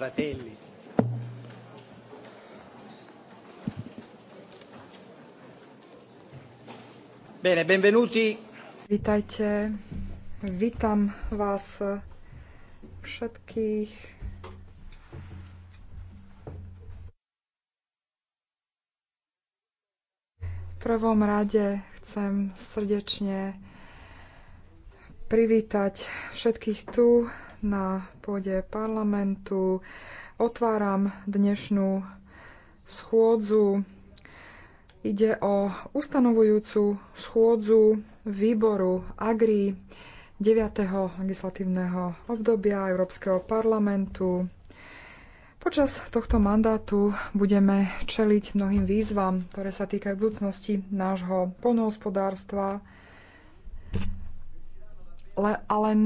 fratelli. Bene, benvenuti. Vítajte. Vítam vás všetkých. V prvom rade chcem srdečne privítať všetkých tu na pôde parlamentu. Otváram dnešnú schôdzu. Ide o ustanovujúcu schôdzu výboru AGRI 9. legislatívneho obdobia Európskeho parlamentu. Počas tohto mandátu budeme čeliť mnohým výzvam, ktoré sa týkajú budúcnosti nášho poľnohospodárstva. ale len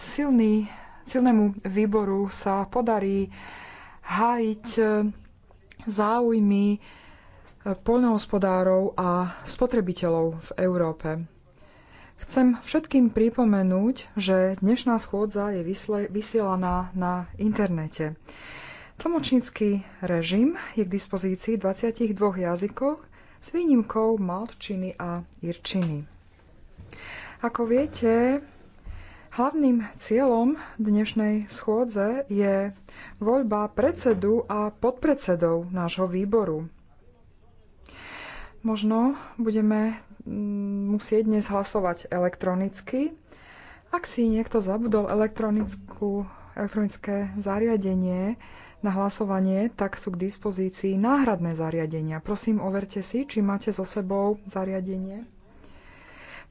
silný silnému výboru sa podarí hájiť e, záujmy e, poľnohospodárov a spotrebiteľov v Európe. Chcem všetkým pripomenúť, že dnešná schôdza je vysielaná na internete. Tlmočnícky režim je k dispozícii 22 jazykoch s výnimkou malčiny a irčiny. Ako viete, Hlavným cieľom dnešnej schôdze je voľba predsedu a podpredsedov nášho výboru. Možno budeme mm, musieť dnes hlasovať elektronicky. Ak si niekto zabudol elektronickú, elektronické zariadenie na hlasovanie, tak sú k dispozícii náhradné zariadenia. Prosím, overte si, či máte so sebou zariadenie.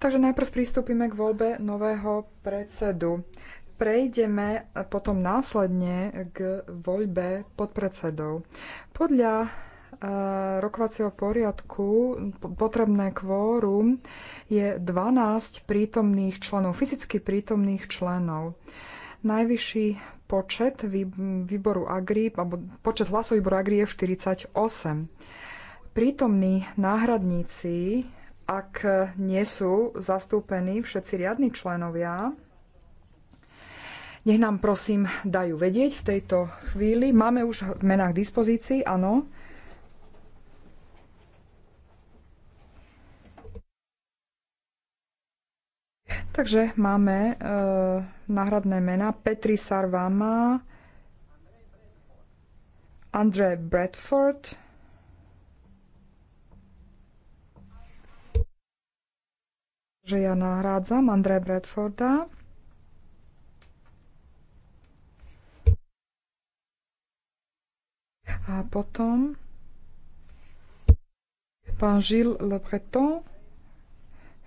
Takže najprv pristúpime k voľbe nového predsedu. Prejdeme potom následne k voľbe podpredsedov. Podľa e, rokovacieho poriadku potrebné kvórum je 12 prítomných členov, fyzicky prítomných členov. Najvyšší počet výboru Agri, alebo počet hlasov výboru Agri je 48. Prítomní náhradníci ak nie sú zastúpení všetci riadni členovia, nech nám prosím dajú vedieť v tejto chvíli. Máme už v menách dispozícii, áno. Takže máme e, náhradné mená Petri Sarvama, Andre Bradford, že ja nahrádzam André Bradforda. A potom pán Gilles Le Breton,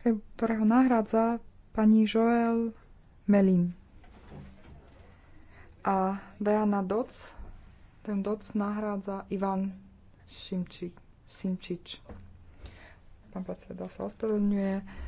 ktorého nahrádza pani Joël Melin. A Diana Doc, ten Doc nahrádza Ivan Simčič. Pán predseda sa ospravedlňuje.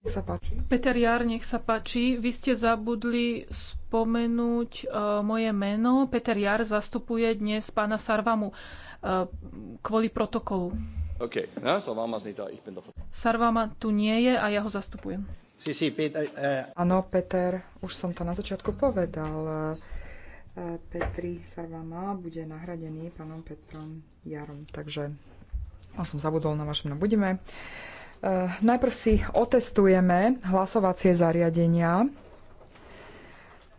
Nech sa páči. Peter Jar, nech sa páči. Vy ste zabudli spomenúť uh, moje meno. Peter Jar zastupuje dnes pána Sarvamu uh, kvôli protokolu. Sarvama, Sarvama tu nie je a ja ho zastupujem. Peter, uh... E. Áno, Peter, už som to na začiatku povedal. Petri Sarvama bude nahradený pánom Petrom Jarom. Takže ja som zabudol na vašom, budeme. Uh, Eh, najprv si otestujeme hlasovacie zariadenia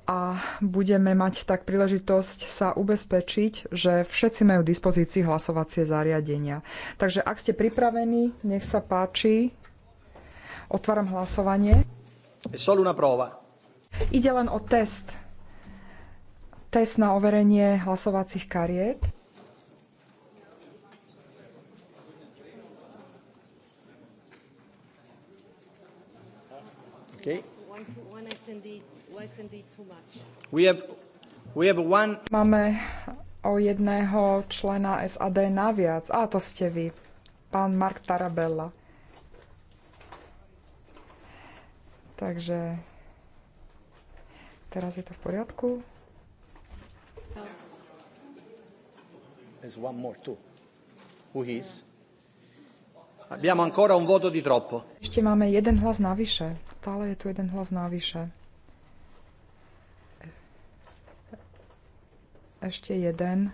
a budeme mať tak príležitosť sa ubezpečiť, že všetci majú v dispozícii hlasovacie zariadenia. Takže ak ste pripravení, nech sa páči. Otváram hlasovanie. Ide len o test. Test na overenie hlasovacích kariet. Okay. Máme o jedného člena SAD naviac. A to ste vy, pán Mark Tarabella. Takže teraz je to v poriadku. There's one more too. Who is? Abbiamo ancora un voto di troppo. Ešte máme jeden hlas navyše stále je tu jeden hlas návyše. Ešte jeden.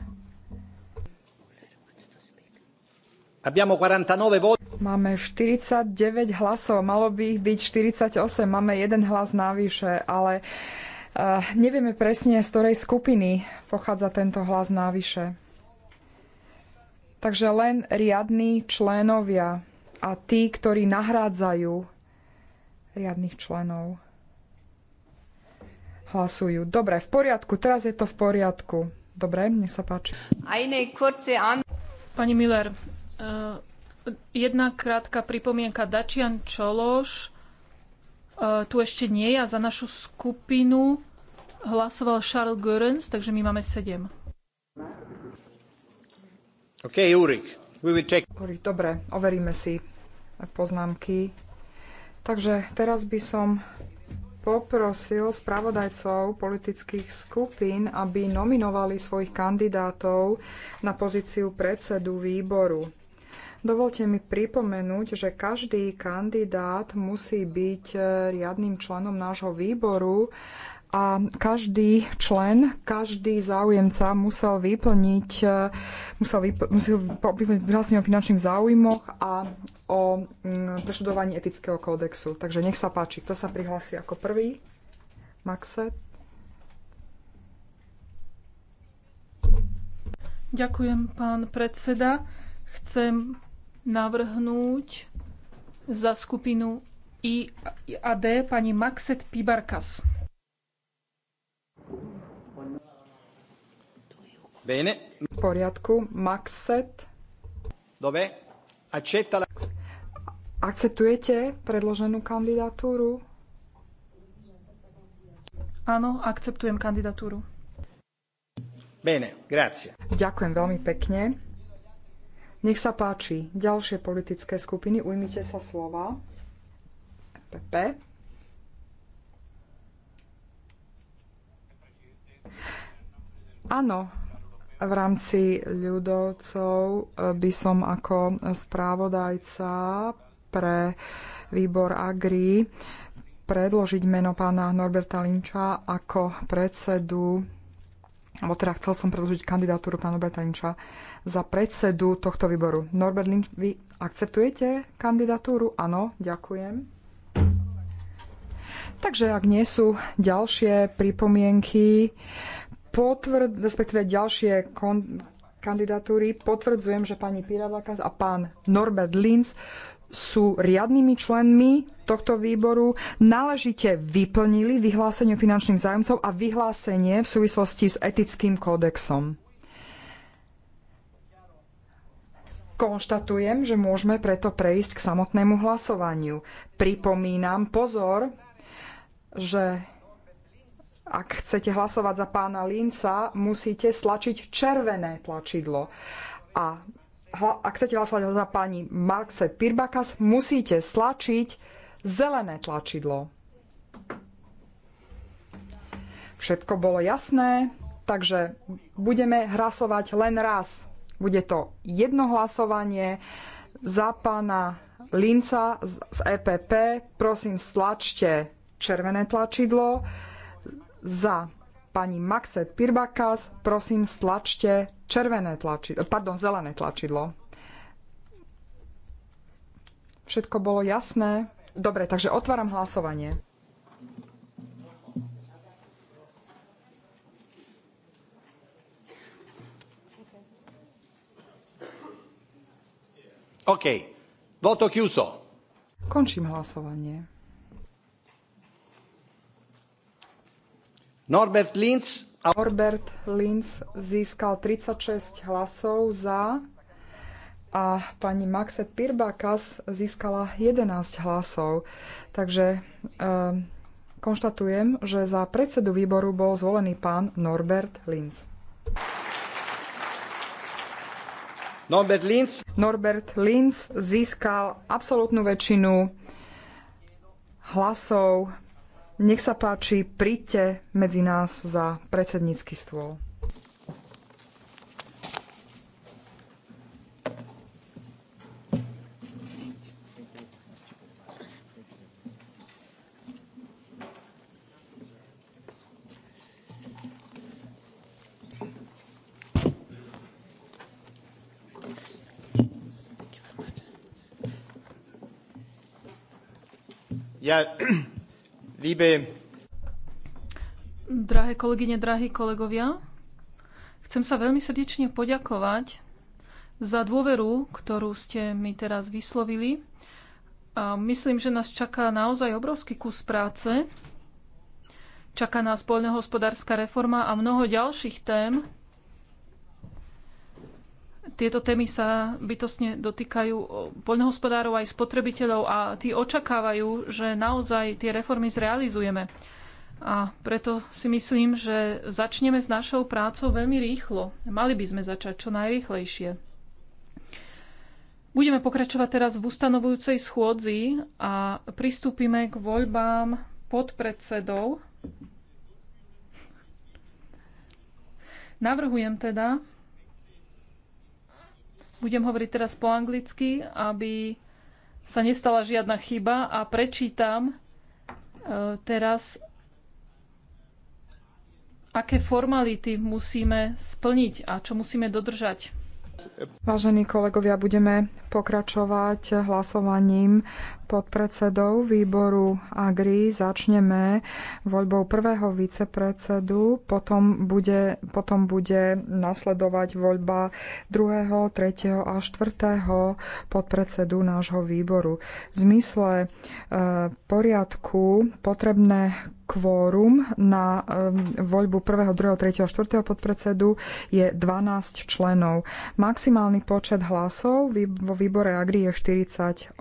Máme 49 hlasov, malo by ich byť 48, máme jeden hlas návyše, ale uh, nevieme presne, z ktorej skupiny pochádza tento hlas návyše. Takže len riadní členovia a tí, ktorí nahrádzajú riadnych členov hlasujú. Dobre, v poriadku, teraz je to v poriadku. Dobre, nech sa páči. Pani Miller, uh, jedna krátka pripomienka. Dačian Čološ uh, tu ešte nie je a za našu skupinu hlasoval Charles Görens, takže my máme sedem. OK, Urik. We will check. dobre, overíme si poznámky Takže teraz by som poprosil spravodajcov politických skupín, aby nominovali svojich kandidátov na pozíciu predsedu výboru. Dovolte mi pripomenúť, že každý kandidát musí byť eh, riadnym členom nášho výboru a každý člen, každý záujemca musel vyplniť, e, musel, musel vyplniť vlastne o finančných záujmoch a o mm, preštudovaní etického kódexu. Takže nech sa páči, kto sa prihlási ako prvý? Maxe? Ďakujem, pán predseda. Chcem navrhnúť za skupinu IAD pani Maxet Pibarkas. Bene. V poriadku. Maxet. Dove? Accetta la... Akceptujete predloženú kandidatúru? Áno, akceptujem kandidatúru. Bene, grazie. Ďakujem veľmi pekne. Nech sa páči, ďalšie politické skupiny, ujmite sa slova. Pepe. Áno, v rámci ľudovcov eh, by som ako správodajca pre výbor Agri predložiť meno pána Norberta Linča ako predsedu alebo teda chcel som predložiť kandidatúru pána Norberta Linča za predsedu tohto výboru. Norbert Linč, vy akceptujete kandidatúru? Áno, ďakujem. Takže ak nie sú ďalšie pripomienky, potvrd, respektíve ďalšie kon, kandidatúry potvrdzujem, že pani Pirabaka a pán Norbert Linz sú riadnymi členmi tohto výboru, náležite vyplnili vyhlásenie finančných zájomcov a vyhlásenie v súvislosti s etickým kódexom. Konštatujem, že môžeme preto prejsť k samotnému hlasovaniu. Pripomínam, pozor, že ak chcete hlasovať za pána Linca, musíte stlačiť červené tlačidlo. A ak chcete hlasovať za pani Markse Pirbakas, musíte stlačiť zelené tlačidlo. Všetko bolo jasné, takže budeme hlasovať len raz. Bude to jedno hlasovanie za pána Linca z EPP. Prosím, stlačte červené tlačidlo za pani Maxet Pirbakas, prosím stlačte červené tlačidlo, pardon, zelené tlačidlo. Všetko bolo jasné? Dobre, takže otváram hlasovanie. OK. Voto chiuso. Končím hlasovanie. Norbert Linz. Norbert Linz získal 36 hlasov za a pani Maxet Pirbakas získala 11 hlasov. Takže ehm, konštatujem, že za predsedu výboru bol zvolený pán Norbert Linz. Norbert Linz. Norbert Linz získal absolútnu väčšinu hlasov nech sa páči, príďte medzi nás za predsednícky stôl. Yeah. Liebe... Drahé kolegyne, drahí kolegovia, chcem sa veľmi srdečne poďakovať za dôveru, ktorú ste mi teraz vyslovili. A myslím, že nás čaká naozaj obrovský kus práce. Čaká nás poľnohospodárska reforma a mnoho ďalších tém, tieto témy sa bytostne dotýkajú poľnohospodárov aj spotrebiteľov a tí očakávajú, že naozaj tie reformy zrealizujeme. A preto si myslím, že začneme s našou prácou veľmi rýchlo. Mali by sme začať čo najrýchlejšie. Budeme pokračovať teraz v ustanovujúcej schôdzi a pristúpime k voľbám podpredsedov. Navrhujem teda, budem hovoriť teraz po anglicky, aby sa nestala žiadna chyba a prečítam e, teraz, aké formality musíme splniť a čo musíme dodržať. Vážení kolegovia, budeme pokračovať hlasovaním podpredsedov výboru AGRI začneme voľbou prvého vicepredsedu, potom bude, potom bude nasledovať voľba druhého, tretieho a štvrtého podpredsedu nášho výboru. V zmysle e, poriadku potrebné kvórum na e, voľbu 1., 2., 3., 4. podpredsedu je 12 členov. Maximálny počet hlasov vo výbore Agri je 48.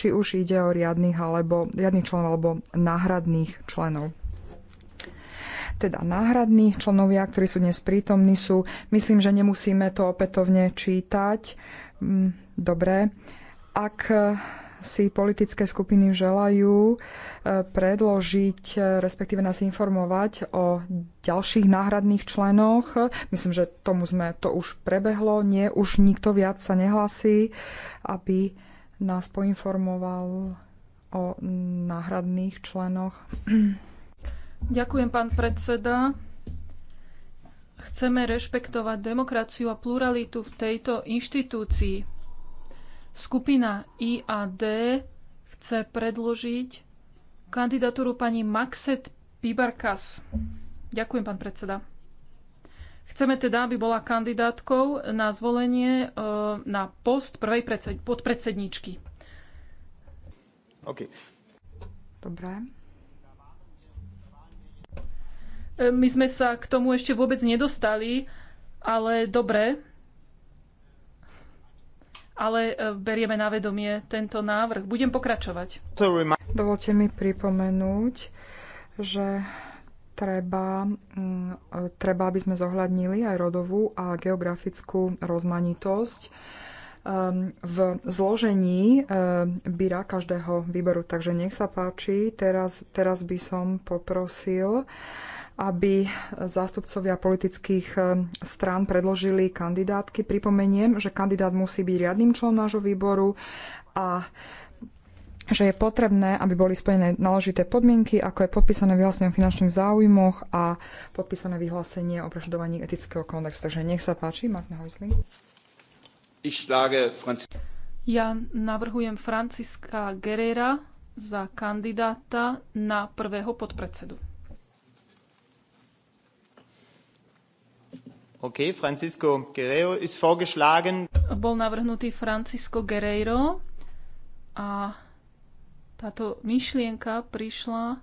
Či už už ide o riadných, alebo, riadných členov alebo náhradných členov teda náhradní členovia, ktorí sú dnes prítomní, sú, myslím, že nemusíme to opätovne čítať. Mm, dobre. Ak si politické skupiny želajú e, predložiť, e, respektíve nás informovať o ďalších náhradných členoch. E, myslím, že tomu sme to už prebehlo. Nie, už nikto viac sa nehlasí, aby nás poinformoval o náhradných členoch. Ďakujem, pán predseda. Chceme rešpektovať demokraciu a pluralitu v tejto inštitúcii. Skupina IAD chce predložiť kandidatúru pani Maxet Pibarkas. Ďakujem, pán predseda. Chceme teda, aby bola kandidátkou na zvolenie e, na post prvej podpredsedničky. OK. Dobre. E, my sme sa k tomu ešte vôbec nedostali, ale dobre. Ale e, berieme na vedomie tento návrh. Budem pokračovať. Dovolte mi pripomenúť, že treba, mm, treba, aby sme zohľadnili aj rodovú a geografickú rozmanitosť ehm, v zložení ehm, byra každého výboru, Takže nech sa páči, teraz, teraz by som poprosil, aby zástupcovia politických ehm, strán predložili kandidátky. Pripomeniem, že kandidát musí byť riadnym členom nášho výboru a že je potrebné, aby boli splnené náležité podmienky, ako je podpísané vyhlásenie o finančných záujmoch a podpísané vyhlásenie o prežadovaní etického kódexu. Takže nech sa páči, Martin Heusling. Ja navrhujem Franciska Guerrera za kandidáta na prvého podpredsedu. OK, Francisco Guerrero ist vorgeschlagen. Bol navrhnutý Francisco Guerrero a táto myšlienka prišla,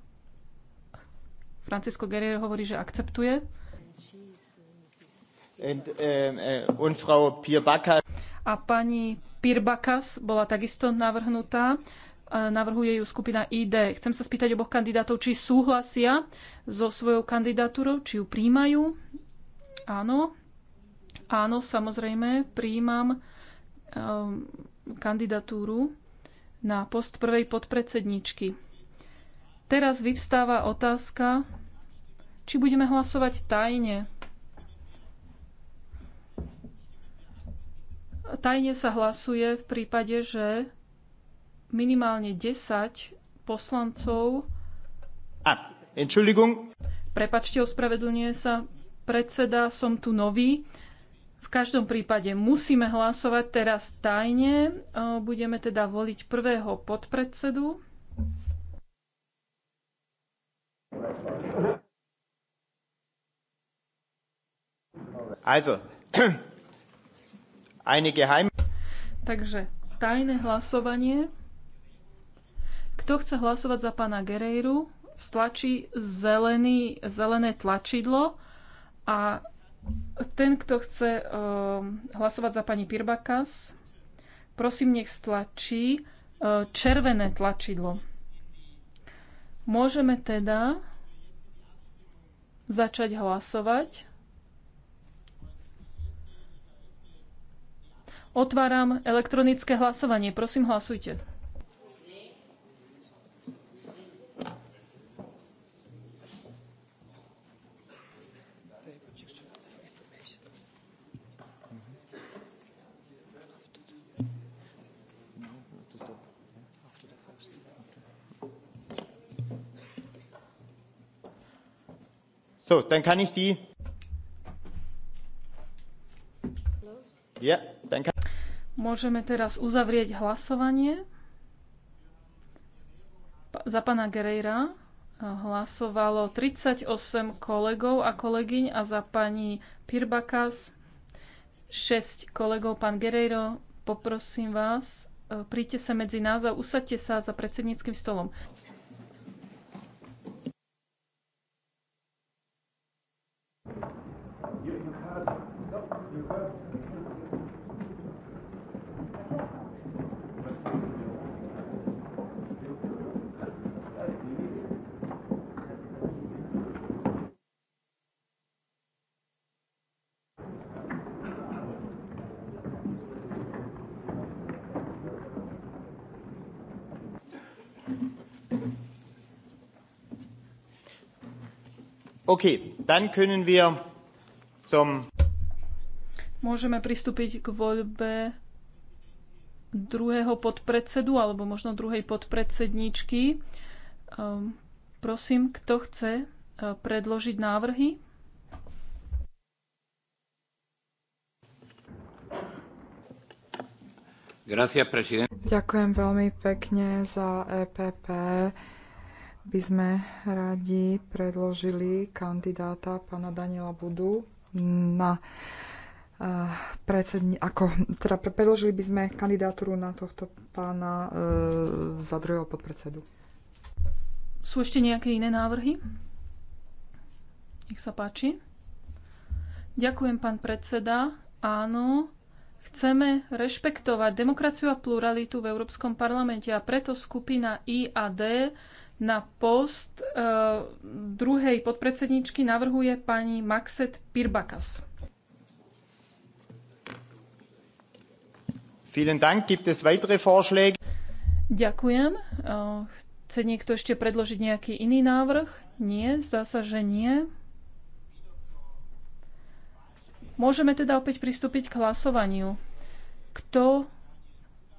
Francisco Guerrero hovorí, že akceptuje. And, um, uh, a pani Pirbakas bola takisto navrhnutá. Navrhuje ju skupina ID. Chcem sa spýtať oboch kandidátov, či súhlasia so svojou kandidatúrou, či ju príjmajú. Áno. Áno, samozrejme, príjmam um, kandidatúru na post prvej podpredsedničky. Teraz vyvstáva otázka, či budeme hlasovať tajne. Tajne sa hlasuje v prípade, že minimálne 10 poslancov. Prepačte, ospravedlňuje sa predseda, som tu nový. V každom prípade musíme hlasovať teraz tajne. Budeme teda voliť prvého podpredsedu. Also, eine geheim... Takže tajné hlasovanie. Kto chce hlasovať za pána Gerejru, stlačí zelený, zelené tlačidlo a ten, kto chce uh, hlasovať za pani Pirbakas, prosím, nech stlačí uh, červené tlačidlo. Môžeme teda začať hlasovať. Otváram elektronické hlasovanie. Prosím, hlasujte. So, dann kann ich die... Yeah, dann kann... Môžeme teraz uzavrieť hlasovanie. Za pána Gerejra eh, hlasovalo 38 kolegov a kolegyň a za pani Pirbakas 6 kolegov. Pán Gerejro, poprosím vás, eh, príďte sa medzi nás a usadte sa za predsedníckým stolom. Okay, dann können wir zum... Môžeme pristúpiť k voľbe druhého podpredsedu alebo možno druhej podpredsedničky. Ehm, prosím, kto chce e, predložiť návrhy? Gracias, Ďakujem veľmi pekne za EPP by sme radi predložili kandidáta pána Daniela Budu na eh, predsedni, ako, teda predložili by sme kandidatúru na tohto pána e, za druhého podpredsedu. Sú ešte nejaké iné návrhy? Nech sa páči. Ďakujem, pán predseda. Áno, chceme rešpektovať demokraciu a pluralitu v Európskom parlamente a preto skupina I a D na post e, druhej podpredsedničky navrhuje pani Maxet Pirbakas. Vielen Dank. Gibt es weitere Vorschläge? Ďakujem. Eh, chce niekto ešte predložiť nejaký iný návrh? Nie, zdá sa, že nie. Môžeme teda opäť pristúpiť k hlasovaniu. Kto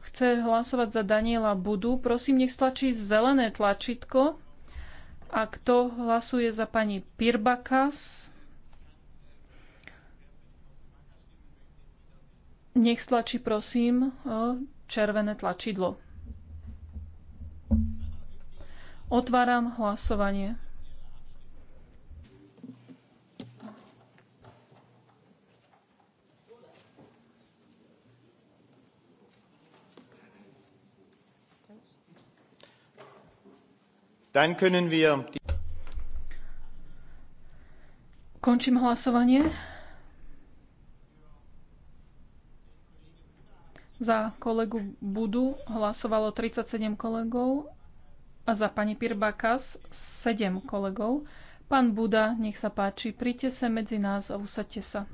chce hlasovať za Daniela Budu, prosím, nech stlačí zelené tlačítko. A kto hlasuje za pani Pirbakas, nech stlačí, prosím, červené tlačidlo. Otváram hlasovanie. Dann können wir die... Končím hlasovanie. Za kolegu Budu hlasovalo 37 kolegov a za pani Pirbakas 7 kolegov. Pán Buda, nech sa páči, príďte sa medzi nás a usadte sa.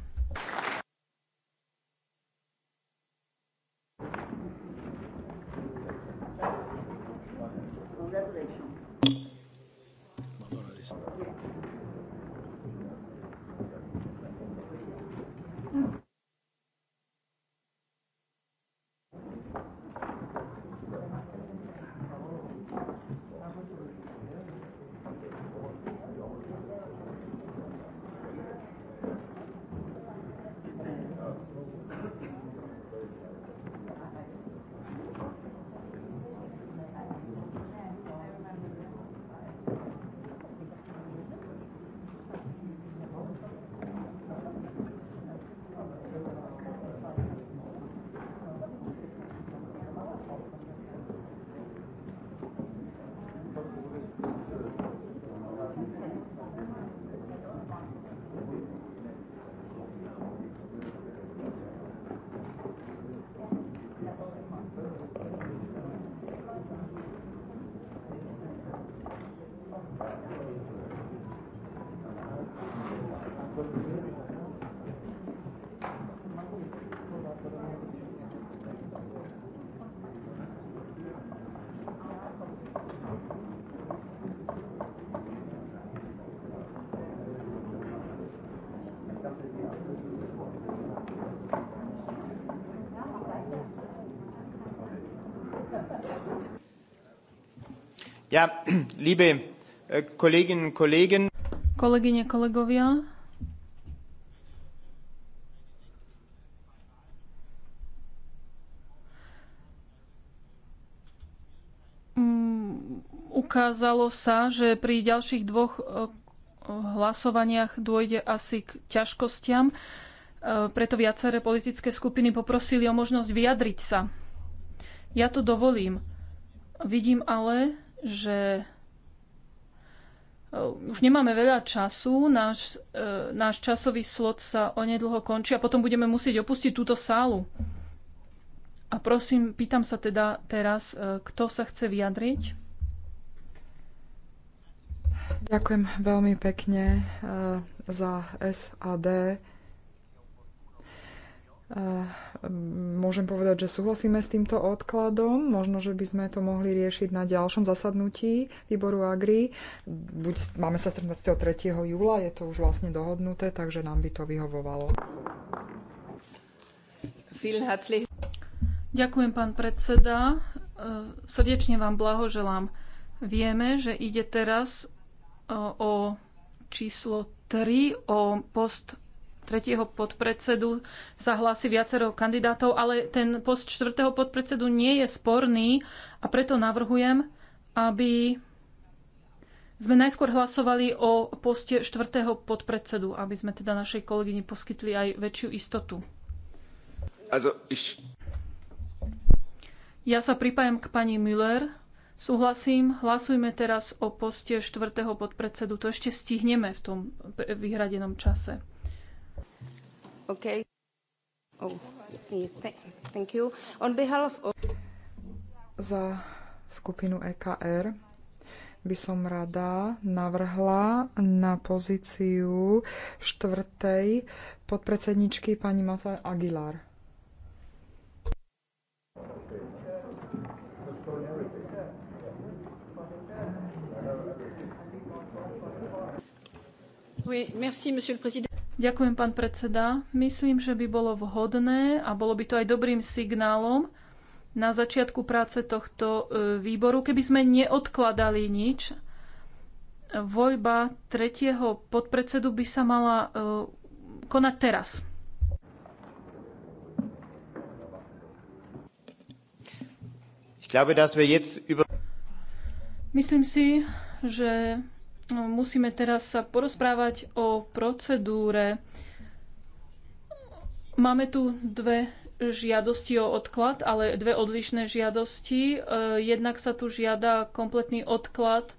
Ja, liebe äh, kolegyne, kolegen. Kolegyne, kolegovia. Mm, ukázalo sa, že pri ďalších dvoch e, hlasovaniach dôjde asi k ťažkostiam. E, preto viaceré politické skupiny poprosili o možnosť vyjadriť sa. Ja to dovolím. Vidím ale, že e, už nemáme veľa času, náš, e, náš časový slot sa onedlho končí a potom budeme musieť opustiť túto sálu. A prosím, pýtam sa teda teraz, e, kto sa chce vyjadriť? Ďakujem veľmi pekne e, za SAD. Eh, môžem povedať, že súhlasíme s týmto odkladom. Možno, že by sme to mohli riešiť na ďalšom zasadnutí výboru Agri. Buď, máme sa 23. 3. júla, je to už vlastne dohodnuté, takže nám by to vyhovovalo. Ďakujem, pán predseda. Eh, srdečne vám blahoželám. Vieme, že ide teraz eh, o číslo 3, o post tretieho podpredsedu sa hlási viacero kandidátov, ale ten post čtvrtého podpredsedu nie je sporný a preto navrhujem, aby sme najskôr hlasovali o poste štvrtého podpredsedu, aby sme teda našej kolegyni poskytli aj väčšiu istotu. Ja sa pripájam k pani Müller. Súhlasím, hlasujme teraz o poste štvrtého podpredsedu. To ešte stihneme v tom vyhradenom čase. Okay. Oh, thank you. On behalf of... Za skupinu EKR by som rada navrhla na pozíciu štvrtej podpredsedničky pani Masa Aguilar. Oui, merci, monsieur le président. Ďakujem, pán predseda. Myslím, že by bolo vhodné a bolo by to aj dobrým signálom na začiatku práce tohto e, výboru, keby sme neodkladali nič. Voľba tretieho podpredsedu by sa mala e, konať teraz. Myslím si, že No, musíme teraz sa porozprávať o procedúre. Máme tu dve žiadosti o odklad, ale dve odlišné žiadosti. E, jednak sa tu žiada kompletný odklad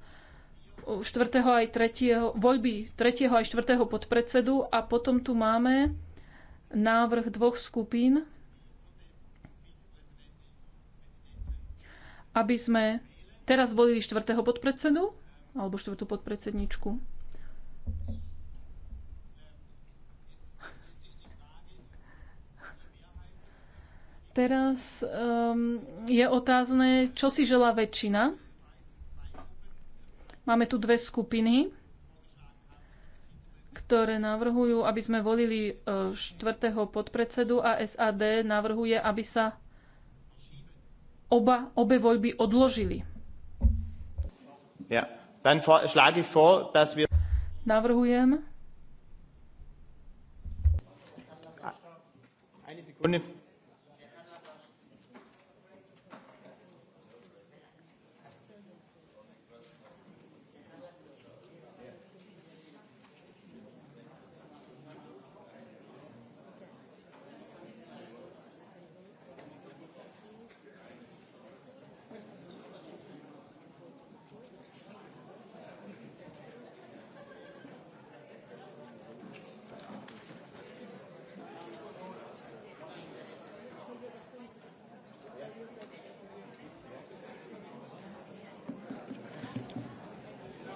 4. aj 3. voľby 3. aj 4. podpredsedu a potom tu máme návrh dvoch skupín, aby sme teraz volili 4. podpredsedu alebo štvrtú podpredsedničku. Teraz um, je otázne, čo si žela väčšina. Máme tu dve skupiny, ktoré navrhujú, aby sme volili e, štvrtého podpredsedu a SAD navrhuje, aby sa oba, obe voľby odložili. Yeah. Dann schlage ich vor, dass wir... Navrhujem. Eine Sekunde.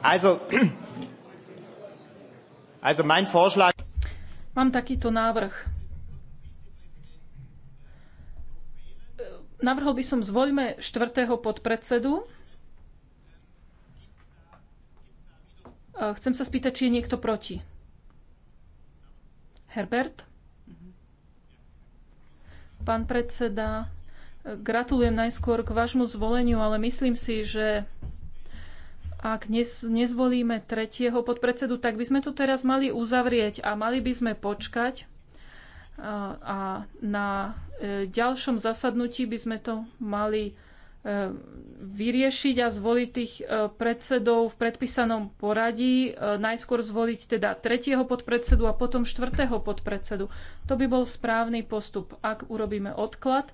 Also, also mein Vorschlag. Mám takýto návrh. Navrhol by som zvoľme štvrtého podpredsedu. Chcem sa spýtať, či je niekto proti. Herbert? Pán predseda, gratulujem najskôr k vášmu zvoleniu, ale myslím si, že ak nezvolíme tretieho podpredsedu, tak by sme to teraz mali uzavrieť a mali by sme počkať e, a, na e, ďalšom zasadnutí by sme to mali e, vyriešiť a zvoliť tých predsedov v predpísanom poradí. Najskôr zvoliť teda tretieho podpredsedu a potom štvrtého podpredsedu. To by bol správny postup. Ak urobíme odklad,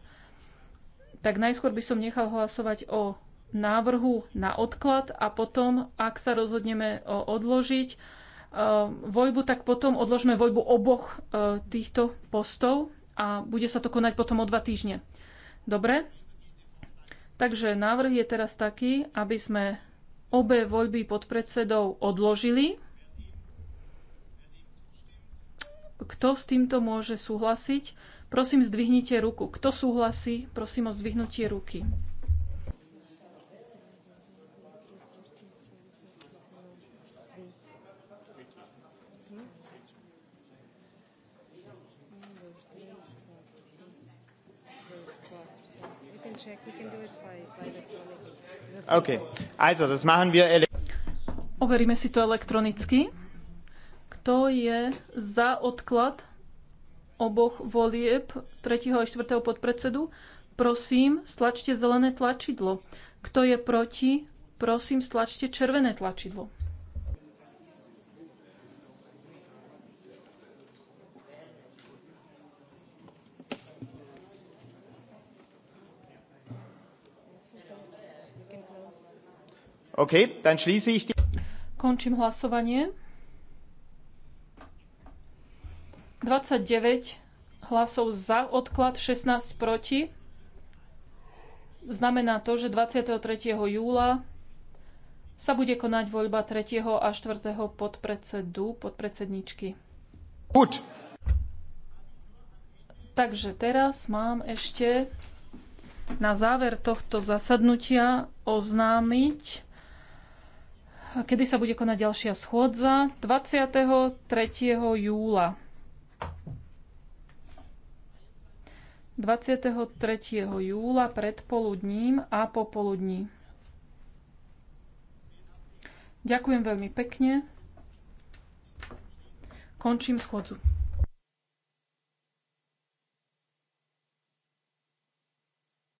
tak najskôr by som nechal hlasovať o návrhu na odklad a potom, ak sa rozhodneme e, odložiť e, voľbu, tak potom odložme voľbu oboch e, týchto postov a bude sa to konať potom o dva týždne. Dobre? Takže návrh je teraz taký, aby sme obe voľby pod predsedou odložili. Kto s týmto môže súhlasiť? Prosím, zdvihnite ruku. Kto súhlasí? Prosím o zdvihnutie ruky. Also, das machen wir Overíme si to elektronicky. Kto je za odklad oboch volieb 3. a 4. podpredsedu? Prosím, stlačte zelené tlačidlo. Kto je proti? Prosím, stlačte červené tlačidlo. dann schließe ich die... Končím hlasovanie. 29 hlasov za odklad, 16 proti. Znamená to, že 23. júla sa bude konať voľba 3. a 4. podpredsedu, podpredsedničky. Gut. Takže teraz mám ešte na záver tohto zasadnutia oznámiť, kedy sa bude konať ďalšia schôdza 23. júla. 23. júla predpoludním a popoludní. Ďakujem veľmi pekne. Končím schôdzu.